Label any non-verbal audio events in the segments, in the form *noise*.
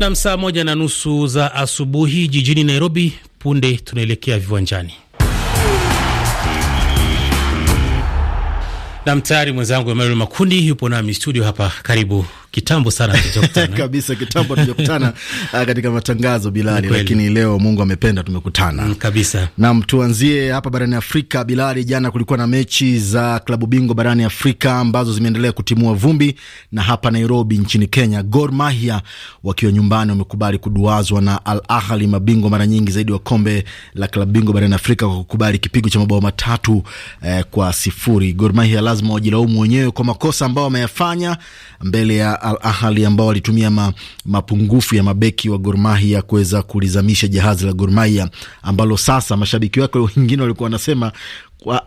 Nam, saa moja na nusu za asubuhi jijini Nairobi. Punde tunaelekea viwanjani. Nam, tayari mwenzangu Emanuel Makundi yupo nami studio hapa. Karibu kitambo sana tujakutana *laughs* kabisa, kitambo tujakutana *laughs* ah, katika matangazo Bilali, lakini leo Mungu amependa tumekutana mm, kabisa. Naam, tuanzie hapa barani Afrika Bilali. Jana kulikuwa na mechi za klabu bingwa barani Afrika ambazo zimeendelea kutimua vumbi, na hapa Nairobi nchini Kenya, Gor Mahia wakiwa nyumbani wamekubali kuduazwa na Al Ahly, mabingwa mara nyingi zaidi wa kombe la klabu bingwa barani Afrika kwa kukubali kipigo cha mabao matatu eh, kwa sifuri. Gor Mahia lazima wajilaumu wenyewe kwa makosa ambao wameyafanya mbele ya Al Ahli ambao walitumia ma, mapungufu ya mabeki wa Gor Mahia kuweza kulizamisha jahazi la Gor Mahia ambalo sasa mashabiki wake wengine walikuwa wanasema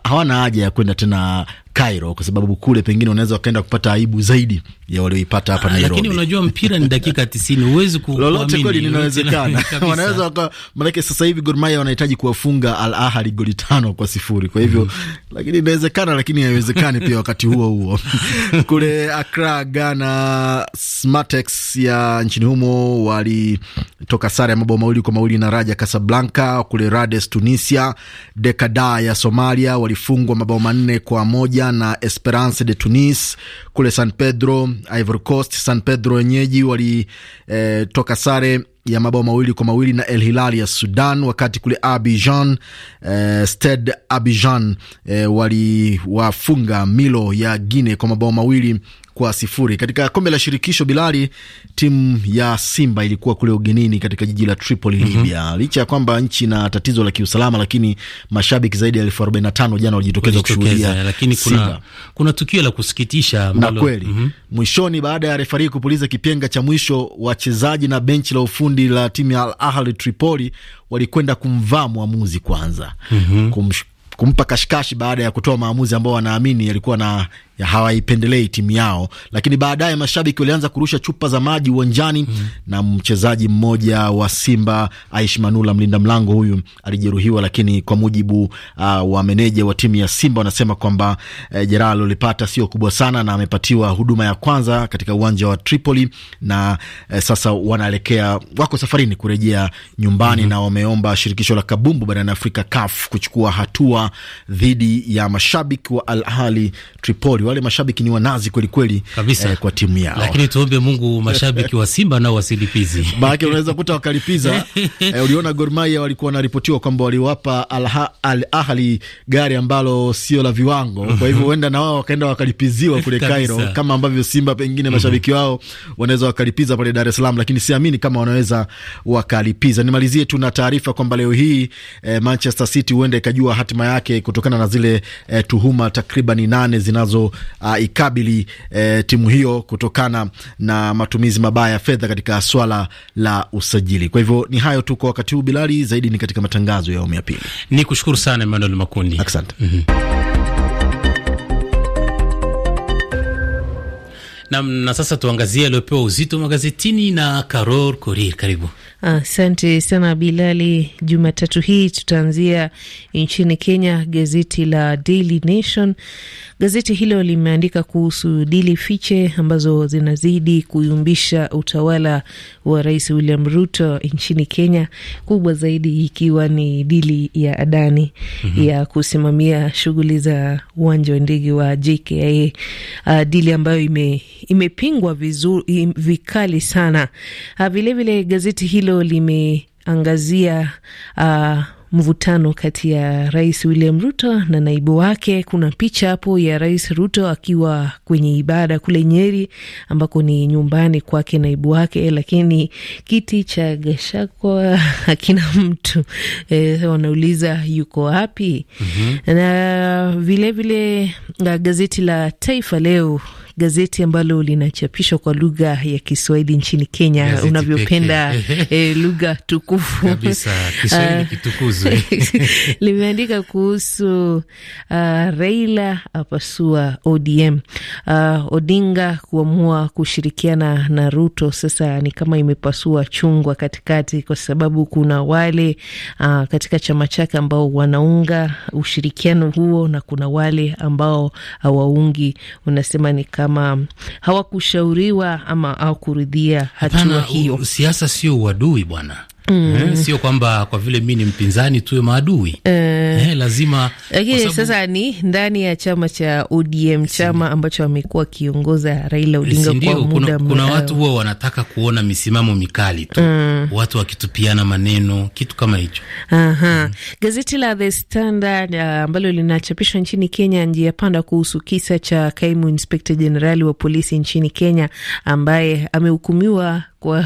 hawana haja ya kwenda tena Cairo kwa sababu kule pengine wanaweza wakaenda kupata aibu zaidi ya walioipata hapa ah, Nairobi. Lakini unajua mpira ni dakika 90, *laughs* huwezi kuamini lolote, kweli linawezekana. *laughs* Wanaweza waka, maanake sasa hivi Gor Mahia wanahitaji kuwafunga Al Ahly goli tano kwa sifuri. Kwa hivyo mm. lakini inawezekana, lakini haiwezekani pia wakati huo huo. *laughs* Kule Accra Ghana, Smartex ya nchini humo walitoka sare ya mabao mawili kwa mawili na Raja Casablanca. Kule Rades Tunisia, Dekada ya Somalia walifungwa mabao manne kwa moja na Esperance de Tunis. Kule San Pedro Ivory Coast, San Pedro wenyeji walitoka eh, sare ya mabao mawili kwa mawili na El Hilal ya Sudan, wakati kule Abidjan eh, Stade Abidjan eh, waliwafunga Milo ya Guinea kwa mabao mawili kwa sifuri. Katika kombe la shirikisho Bilali, timu ya Simba ilikuwa kule ugenini katika jiji la Tripoli, mhm. Libya. mm -hmm. Licha ya kwamba nchi na tatizo la kiusalama, lakini mashabiki zaidi ya elfu arobaini na tano jana walijitokeza kushuhudia, lakini kuna, kuna tukio la kusikitisha na kweli mm -hmm. mwishoni, baada ya refarii kupuliza kipenga cha mwisho, wachezaji na benchi la ufundi la timu ya Al Ahli Tripoli walikwenda kumvaa mwamuzi kwanza mm -hmm. kumsh kumpa kashikashi baada ya kutoa maamuzi ambao wanaamini yalikuwa na ya hawaipendelei timu yao, lakini baadaye mashabiki walianza kurusha chupa za maji uwanjani mm. na mchezaji mmoja wa Simba Aish Manula, mlinda mlango huyu, alijeruhiwa, lakini kwa mujibu uh, wa meneja wa timu ya Simba wanasema kwamba eh, jeraha alolipata sio kubwa sana na amepatiwa huduma ya kwanza katika uwanja wa Tripoli na eh, sasa wanaelekea, wako safarini kurejea nyumbani mm -hmm. na wameomba shirikisho la kabumbu barani Afrika CAF kuchukua hatua dhidi ya mashabiki wa Al Ahly Tripoli kweli, wale mashabiki ni wanazi kweli kweli kabisa eh, kwa timu yao. Lakini tuombe Mungu mashabiki wa Simba nao wasilipizi, *laughs* maana unaweza kuta wakalipiza. *laughs* Eh, uliona Gor Mahia walikuwa wanaripotiwa kwamba waliwapa Al Ahli gari ambalo sio la viwango, kwa hivyo *laughs* huenda na wao wakaenda wakalipiziwa kule Cairo kama ambavyo Simba pengine mm-hmm. mashabiki wao wanaweza wakalipiza pale Dar es Salaam, lakini siamini kama wanaweza wakalipiza. Nimalizie tu na taarifa kwamba leo hii eh, Manchester City huenda ikajua hatima yake kutokana na zile eh, tuhuma takriban nane zinazo uh, ikabili eh, timu hiyo kutokana na matumizi mabaya ya fedha katika swala la usajili. Kwa hivyo ni hayo tu kwa wakati huu, Bilali, zaidi ni katika matangazo ya awamu ya pili. Ni kushukuru sana Emmanuel Makundi, asante. mm -hmm. Na, na sasa tuangazie aliopewa uzito magazetini na Karol Korir, karibu. Asante ah, sana Bilali. Jumatatu hii tutaanzia nchini Kenya, gazeti la Daily Nation. Gazeti hilo limeandika kuhusu dili fiche ambazo zinazidi kuyumbisha utawala wa Rais William Ruto nchini Kenya, kubwa zaidi ikiwa ni dili ya Adani mm -hmm. ya kusimamia shughuli za uwanja wa ndege wa JKIA, ah, dili ambayo ime imepingwa vizuri, vikali sana. Vilevile ah, vile gazeti hilo limeangazia uh, mvutano kati ya Rais William Ruto na naibu wake. Kuna picha hapo ya Rais Ruto akiwa kwenye ibada kule Nyeri, ambako ni nyumbani kwake naibu wake, lakini kiti cha gashakwa *laughs* hakina mtu e, wanauliza yuko wapi? mm -hmm. na vilevile vile, ah, gazeti la Taifa Leo gazeti ambalo linachapishwa kwa lugha ya Kiswahili nchini Kenya unavyopenda e, *laughs* lugha tukufu kabisa, Kiswahili ah, kitukuzwe *laughs* limeandika kuhusu uh, Raila apasua ODM, uh, ah, Odinga kuamua kushirikiana na Ruto. Sasa ni kama imepasua chungwa katikati, kwa sababu kuna wale uh, katika chama chake ambao wanaunga ushirikiano huo na kuna wale ambao hawaungi. Unasema ni kama kama hawakushauriwa ama hawakuridhia hatua hiyo. Siasa sio uadui bwana, Mm. Eh, sio kwamba kwa vile mi ni mpinzani tuwe maadui uh, eh, lazima lakini sababu... Sasa ni ndani ya chama cha ODM chama ambacho amekuwa akiongoza Raila eh, Odinga kwa muda. Kuna, kuna watu huwa wanataka kuona misimamo mikali tu mm. watu wakitupiana maneno kitu kama hicho mm. Gazeti la The Standard uh, ambalo uh, linachapishwa nchini Kenya, njia panda kuhusu kisa cha kaimu inspekta jenerali wa polisi nchini Kenya ambaye amehukumiwa kwa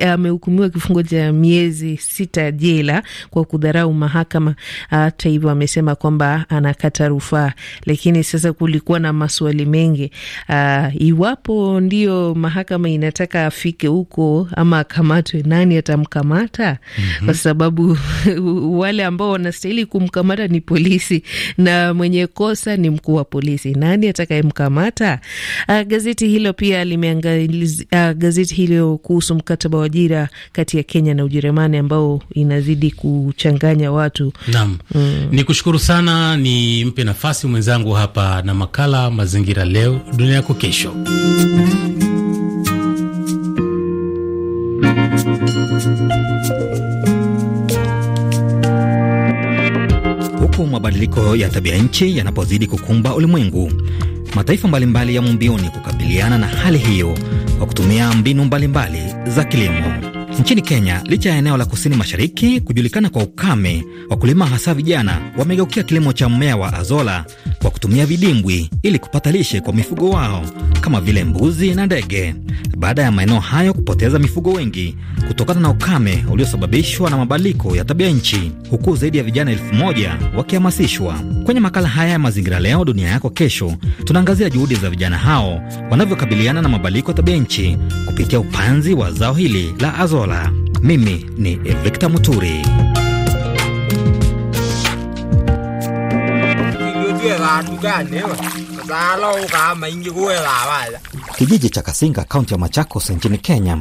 *laughs* amehukumiwa kifungo cha miezi sita jela kwa kudharau mahakama. Hata hivyo, amesema kwamba anakata rufaa, lakini sasa kulikuwa na maswali mengi uh, iwapo ndio mahakama inataka afike huko ama akamatwe, nani atamkamata? mm -hmm. Kwa sababu *laughs* wale ambao wanastahili kumkamata ni polisi na mwenye kosa ni mkuu wa polisi. Nani atakayemkamata? Uh, gazeti hilo pia limeangazia uh, gazeti hilo leo kuhusu mkataba wa ajira kati ya Kenya na Ujerumani ambao inazidi kuchanganya watu. Naam. Mm. Ni kushukuru sana, ni mpe nafasi mwenzangu hapa na makala Mazingira Leo Dunia Yako Kesho. Huku mabadiliko ya tabia nchi yanapozidi kukumba ulimwengu, mataifa mbalimbali yamo mbioni kukabiliana na hali hiyo kwa kutumia mbinu mbalimbali mbali za kilimo. Nchini Kenya, licha ya eneo la kusini mashariki kujulikana kwa ukame, wakulima hasa vijana wamegeukia kilimo cha mmea wa azola kwa kutumia vidimbwi ili kupata lishe kwa mifugo wao kama vile mbuzi na ndege, baada ya maeneo hayo kupoteza mifugo wengi kutokana na ukame uliosababishwa na mabadiliko ya tabia nchi, huku zaidi ya vijana elfu moja wakihamasishwa. Kwenye makala haya ya Mazingira Leo Dunia Yako Kesho, tunaangazia juhudi za vijana hao wanavyokabiliana na mabadiliko ya tabia nchi kupitia upanzi wa zao hili la azola. Mimi ni Victor Muturi. Kijiji cha Kasinga, kaunti ya Machakos nchini Kenya,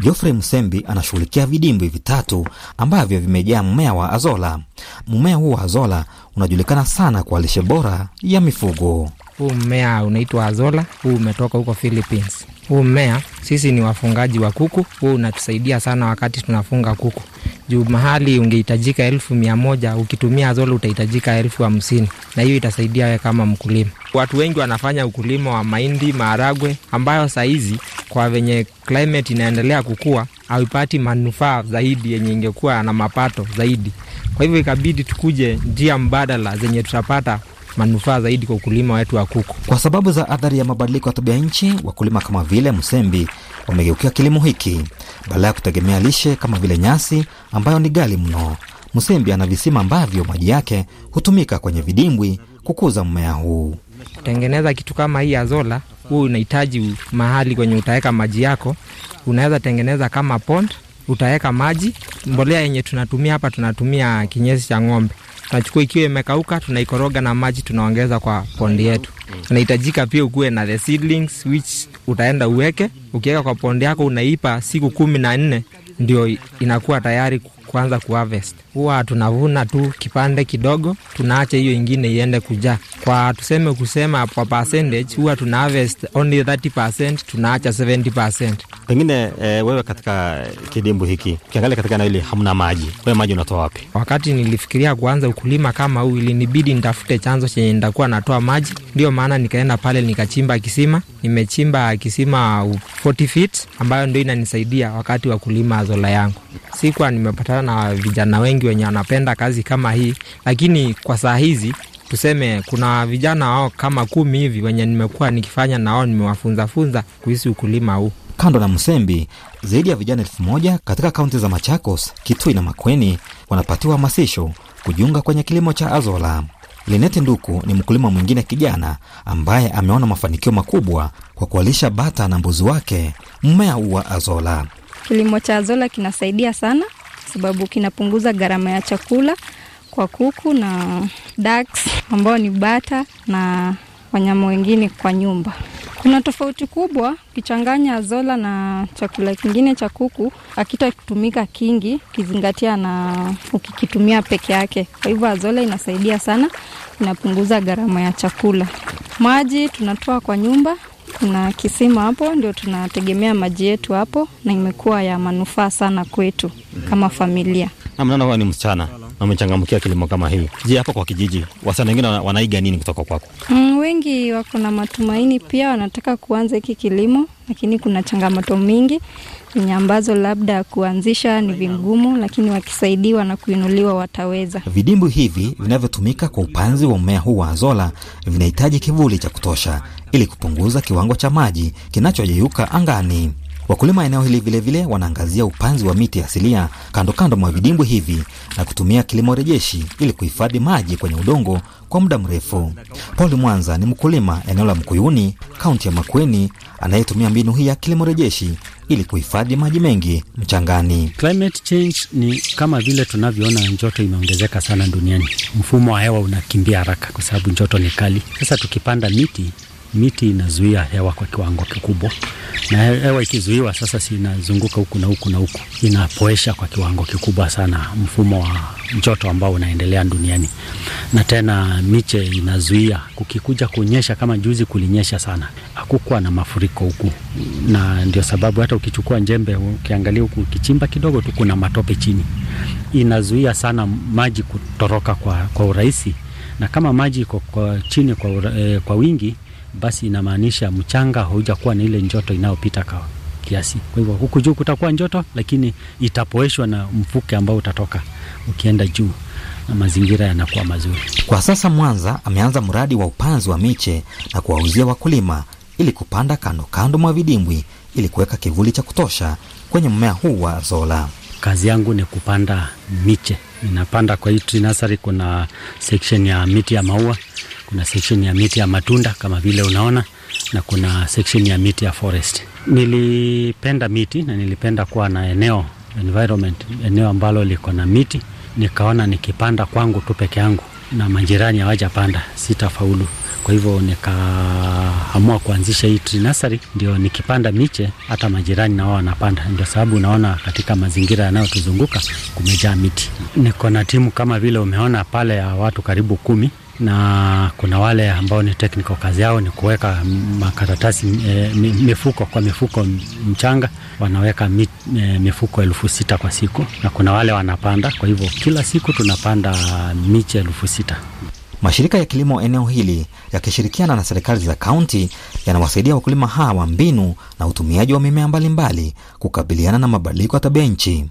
Geoffrey msembi anashughulikia vidimbwi vitatu ambavyo vimejaa mmea wa azola. Mmea huu wa azola unajulikana sana kwa lishe bora ya mifugo. Huu mmea unaitwa azola, huu umetoka huko Philippines. Huu mmea sisi ni wafungaji wa kuku, huu unatusaidia sana wakati tunafunga kuku juu mahali ungehitajika elfu mia moja ukitumia Azolla utahitajika elfu hamsini na hiyo itasaidia we kama mkulima. Watu wengi wanafanya ukulima wa mahindi, maharagwe ambayo sahizi kwa venye climate inaendelea kukua haipati manufaa zaidi yenye ingekuwa na mapato zaidi. Kwa hivyo ikabidi tukuje njia mbadala zenye tutapata manufaa zaidi kwa ukulima wetu wa kuku. Kwa sababu za athari ya mabadiliko ya tabia nchi, wakulima kama vile Msembi wamegeukia kilimo hiki badala ya kutegemea lishe kama vile nyasi ambayo ni gali mno. Msembi ana visima ambavyo maji yake hutumika kwenye vidimbwi kukuza mmea huu. Tengeneza kitu kama hii azola, huu unahitaji mahali kwenye utaweka maji yako. Unaweza tengeneza kama pond, utaweka maji. Mbolea yenye tunatumia hapa, tunatumia kinyesi cha ng'ombe tunachukua ikiwa imekauka, tunaikoroga na maji, tunaongeza kwa pondi yetu. Inahitajika pia ukuwe na the seedlings which utaenda uweke, ukiweka kwa pondi yako unaipa siku kumi na nne ndio inakuwa tayari kuanza kuharvest huwa tunavuna tu kipande kidogo, tunaacha hiyo ingine iende kujaa. Kwa tuseme kusema kwa percentage, huwa tuna harvest only 30%, tunaacha 70%. Pengine e, wewe katika kidimbu hiki ukiangalia katika eneo hili hamna maji, wewe maji unatoa wapi? Wakati nilifikiria kuanza ukulima kama huu, ilinibidi nitafute chanzo chenye nitakuwa natoa maji. Ndio maana nikaenda pale nikachimba kisima, nimechimba kisima 40 feet ambayo ndio inanisaidia wakati wa kulima zola yangu. Sikuwa nimepatana na vijana wengi wenye wanapenda kazi kama hii, lakini kwa saa hizi tuseme kuna vijana wao kama kumi hivi wenye nimekuwa nikifanya nao, nimewafunzafunza kuhusu ukulima huu. Kando na Msembi, zaidi ya vijana elfu moja katika kaunti za Machakos, Kitui na Makueni wanapatiwa hamasisho kujiunga kwenye kilimo cha Azola. Linete Nduku ni mkulima mwingine kijana ambaye ameona mafanikio makubwa kwa kuwalisha bata na mbuzi wake mmea huu wa Azola. Kilimo cha Azola kinasaidia sana sababu kinapunguza gharama ya chakula kwa kuku na ducks ambao ni bata na wanyama wengine kwa nyumba. Kuna tofauti kubwa ukichanganya azola na chakula kingine cha kuku, akitatumika kingi ukizingatia na ukikitumia peke yake. Kwa hivyo azola inasaidia sana, inapunguza gharama ya chakula. Maji tunatoa kwa nyumba kuna kisima hapo, ndio tunategemea maji yetu hapo, na imekuwa ya manufaa sana kwetu kama familia. Namnaona huwa ni msichana wamechangamkia kilimo kama hii. Je, hapa kwa kijiji wasana wengine wanaiga nini kutoka kwako? Mm, wengi wako na matumaini pia, wanataka kuanza hiki kilimo, lakini kuna changamoto mingi yenye ambazo labda kuanzisha ni vigumu, lakini wakisaidiwa na kuinuliwa wataweza. Vidimbwi hivi vinavyotumika kwa upanzi wa mmea huu wa azola vinahitaji kivuli cha kutosha ili kupunguza kiwango cha maji kinachoyeyuka angani. Wakulima eneo hili vilevile wanaangazia upanzi wa miti asilia kando kando mwa vidimbwi hivi na kutumia kilimo rejeshi ili kuhifadhi maji kwenye udongo kwa muda mrefu. Paul Mwanza ni mkulima eneo la Mkuyuni, kaunti ya Makueni, anayetumia mbinu hii ya kilimo rejeshi ili kuhifadhi maji mengi mchangani. Climate change ni kama vile tunavyoona joto imeongezeka sana duniani, mfumo wa hewa unakimbia haraka kwa sababu joto ni kali. Sasa tukipanda miti miti inazuia hewa kwa kiwango kikubwa, na hewa ikizuiwa sasa, sinazunguka inazunguka huku na huku na huku, inapoesha kwa kiwango kikubwa sana mfumo wa joto ambao unaendelea duniani. Na tena miche inazuia, kukikuja kunyesha, kama juzi kulinyesha sana, hakukuwa na mafuriko huku, na ndio sababu hata ukichukua njembe ukiangalia huku, ukichimba kidogo tu kuna matope chini, inazuia sana maji kutoroka kwa, kwa urahisi na kama maji iko chini kwa, eh, kwa wingi basi inamaanisha mchanga haujakuwa na ile njoto inayopita kwa kiasi. Kwa hivyo huku juu kutakuwa njoto, lakini itapoeshwa na mfuke ambao utatoka ukienda juu na mazingira yanakuwa mazuri. Kwa sasa Mwanza ameanza mradi wa upanzi wa miche na kuwauzia wakulima ili kupanda kando kando mwa vidimbwi ili kuweka kivuli cha kutosha kwenye mmea huu wa zola. Kazi yangu ni kupanda miche, ninapanda kwa hii trinasari. Kuna section ya miti ya maua kuna section ya miti ya matunda kama vile unaona, na kuna section ya miti ya forest. Nilipenda miti na nilipenda kuwa na eneo environment, eneo ambalo liko na miti. Nikaona nikipanda kwangu tu peke yangu na majirani hawajapanda sitafaulu. Kwa hivyo nikaamua kuanzisha hii tree nursery, ndio nikipanda miche hata majirani nao wanapanda. Ndio sababu unaona katika mazingira yanayotuzunguka kumejaa miti. Niko na timu kama vile umeona pale ya watu karibu kumi na kuna wale ambao ni technical, kazi yao ni kuweka makaratasi e, mifuko kwa mifuko mchanga, wanaweka mi, e, mifuko elfu sita kwa siku, na kuna wale wanapanda. Kwa hivyo kila siku tunapanda miche elfu sita. Mashirika ya kilimo eneo hili yakishirikiana na serikali za kaunti yanawasaidia wakulima hawa mbinu na utumiaji wa mimea mbalimbali kukabiliana na mabadiliko ya tabia nchi.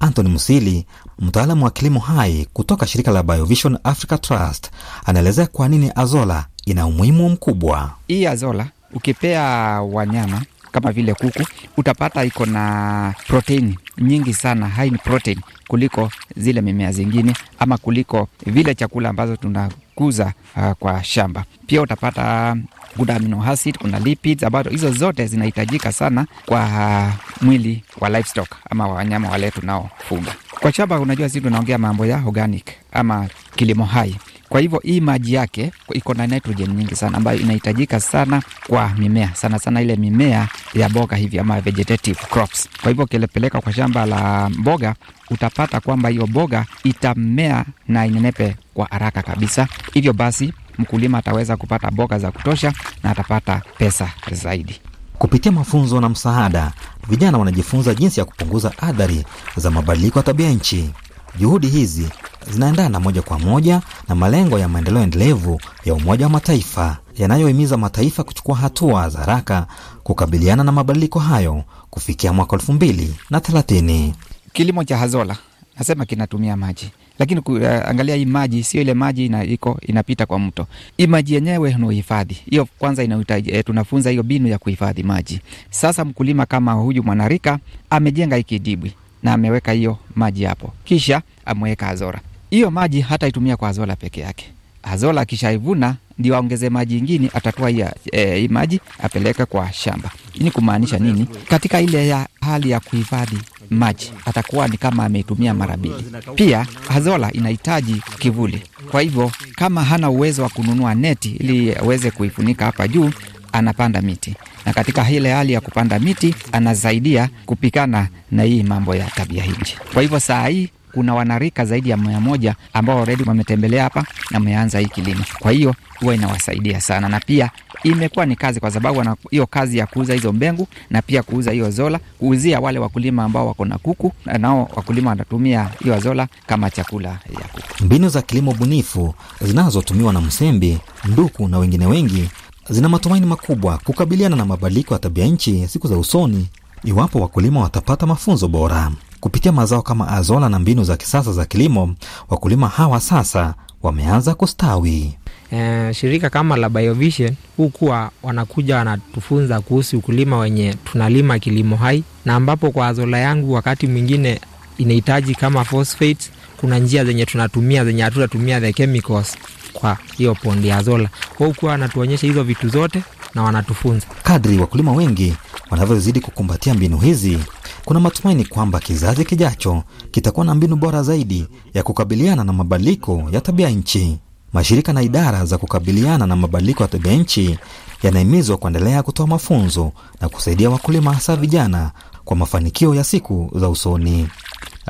Anthony Musili, mtaalamu wa kilimo hai kutoka shirika la Biovision Africa Trust, anaelezea kwa nini azola ina umuhimu mkubwa. Hii azola ukipea wanyama kama vile kuku utapata iko na proteini nyingi sana high in protein kuliko zile mimea zingine ama kuliko vile chakula ambazo tunakuza uh, kwa shamba. Pia utapata kuna ah, amino acid, kuna lipids ambazo hizo zote zinahitajika sana kwa uh, mwili wa livestock ama wanyama wale tunaofuga kwa shamba. Unajua, sisi tunaongea mambo ya organic ama kilimo hai kwa hivyo hii maji yake iko na nitrogen nyingi sana ambayo inahitajika sana kwa mimea, sana sana ile mimea ya mboga hivi ama vegetative crops. Kwa hivyo ukilepeleka kwa shamba la mboga utapata kwamba hiyo mboga itamea na inenepe kwa haraka kabisa. Hivyo basi mkulima ataweza kupata mboga za kutosha na atapata pesa zaidi. Kupitia mafunzo na msaada, vijana wanajifunza jinsi ya kupunguza athari za mabadiliko ya tabia nchi. Juhudi hizi zinaendana moja kwa moja na malengo ya maendeleo endelevu ya Umoja wa Mataifa yanayohimiza mataifa kuchukua hatua za haraka kukabiliana na mabadiliko hayo kufikia mwaka elfu mbili na thelathini. Kilimo cha Hazola nasema kinatumia maji lakini kuangalia eh, hii maji sio ile maji ina, iko inapita kwa mto. Hii maji yenyewe ni uhifadhi hiyo kwanza inahitaji e, tunafunza hiyo binu ya kuhifadhi maji. Sasa mkulima kama huyu mwanarika amejenga hiki dibwi na ameweka hiyo maji hapo, kisha ameweka Azora hiyo maji hataitumia kwa Azola peke yake. Azola akishaivuna ndio aongeze maji ingine, atatoa e, hii e, maji apeleke kwa shamba. Ini kumaanisha nini? Katika ile ya hali ya kuhifadhi maji atakuwa ni kama ameitumia mara mbili. Pia Azola inahitaji kivuli, kwa hivyo kama hana uwezo wa kununua neti ili aweze kuifunika hapa juu, anapanda miti, na katika ile hali ya kupanda miti anasaidia kupikana na hii mambo ya tabia nchi. Kwa hivyo saa hii kuna wanarika zaidi ya mia moja ambao redi wametembelea hapa na wameanza hii kilimo. Kwa hiyo huwa inawasaidia sana, na pia imekuwa ni kazi, kwa sababu wana hiyo kazi ya kuuza hizo mbengu na pia kuuza hiyo zola, kuuzia wale wakulima ambao wako na kuku, nao wakulima wanatumia hiyo zola kama chakula ya kuku. Mbinu za kilimo bunifu zinazotumiwa na Msembi, Nduku na wengine wengi zina matumaini makubwa kukabiliana na mabadiliko ya tabia nchi siku za usoni iwapo wakulima watapata mafunzo bora kupitia mazao kama azola na mbinu za kisasa za kilimo. Wakulima hawa sasa wameanza kustawi. E, shirika kama la Biovision hukuwa wanakuja wanatufunza kuhusu ukulima wenye tunalima kilimo hai, na ambapo kwa azola yangu wakati mwingine inahitaji kama phosphate. Kuna njia zenye tunatumia zenye hatutatumia the chemicals kwa hiyo pondi azola, kwa wanatuonyesha hizo vitu zote na wanatufunza. Kadri wakulima wengi Wanavyozidi kukumbatia mbinu hizi, kuna matumaini kwamba kizazi kijacho kitakuwa na mbinu bora zaidi ya kukabiliana na mabadiliko ya tabia nchi. Mashirika na idara za kukabiliana na mabadiliko ya tabia nchi yanahimizwa kuendelea kutoa mafunzo na kusaidia wakulima, hasa vijana, kwa mafanikio ya siku za usoni.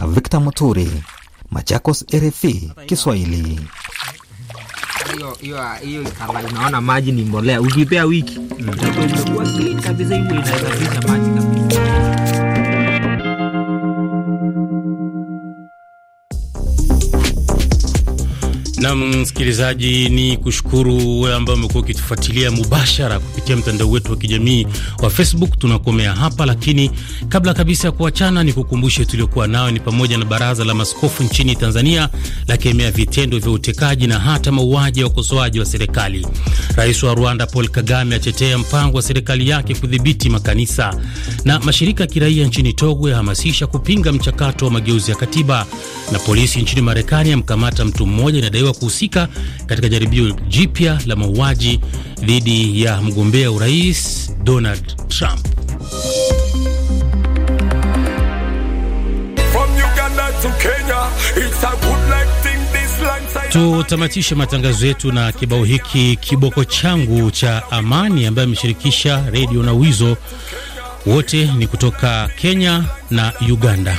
Victor Muturi, Machakos, RFI Kiswahili hiyo hiyo hiyo unaona maji ni mbolea, ukipea wiki itakuwa kabisa, hivyo inaweza inasafisha maji kabisa. Nam msikilizaji, ni kushukuru wewe ambaye umekuwa ukitufuatilia mubashara kupitia mtandao wetu wa kijamii wa Facebook. Tunakomea hapa, lakini kabla kabisa ya kuachana, ni kukumbushe tuliokuwa nayo ni pamoja na baraza la maskofu nchini Tanzania la kemea vitendo vya utekaji na hata mauaji ya wakosoaji wa serikali. Rais wa Rwanda Paul Kagame achetea mpango wa serikali yake kudhibiti makanisa, na mashirika ya kiraia nchini Togo yahamasisha kupinga mchakato wa mageuzi ya katiba, na polisi nchini Marekani amkamata mtu mmoja inadaiwa amedaiwa kuhusika katika jaribio jipya la mauaji dhidi ya mgombea urais Donald Trump. Tutamatishe matangazo yetu na kibao hiki kiboko changu cha Amani, ambaye ameshirikisha redio na Wizo, wote ni kutoka Kenya na Uganda.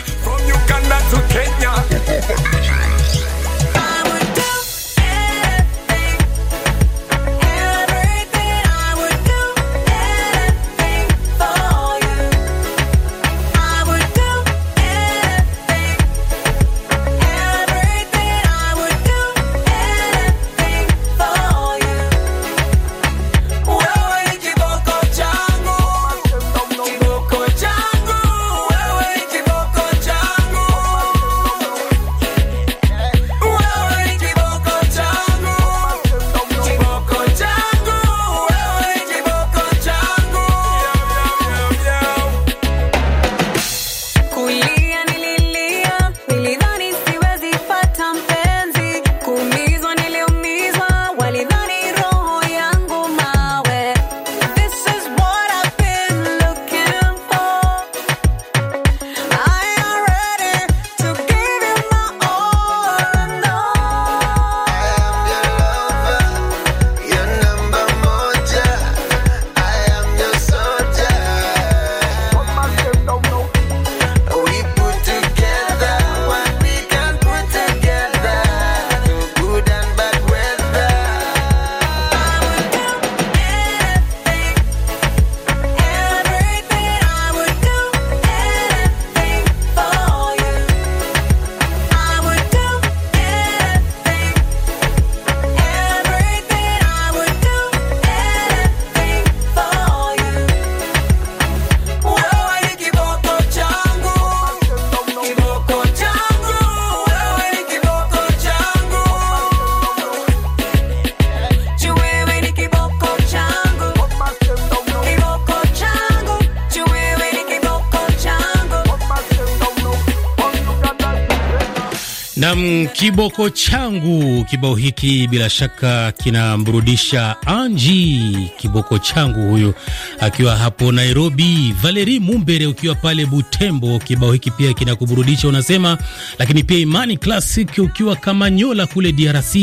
Kiboko changu. Kibao hiki bila shaka kinamburudisha Anji kiboko changu, huyu akiwa hapo Nairobi. Valeri Mumbere ukiwa pale Butembo, kibao hiki pia kinakuburudisha unasema. Lakini pia Imani Classic ukiwa Kamanyola kule DRC,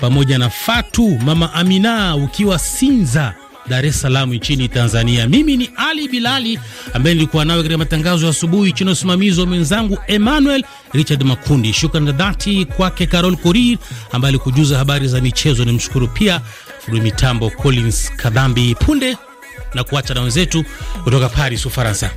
pamoja na Fatu mama Amina ukiwa Sinza Dar es Salaam nchini Tanzania. Mimi ni Ali Bilali ambaye nilikuwa nawe katika matangazo ya asubuhi chini ya usimamizi wa mwenzangu Emmanuel Richard Makundi. Shukrani za dhati kwake Carol Korir ambaye alikujuza habari za michezo. Ni mshukuru pia fundi mitambo Collins Kadhambi. Punde na kuacha na wenzetu kutoka Paris, Ufaransa.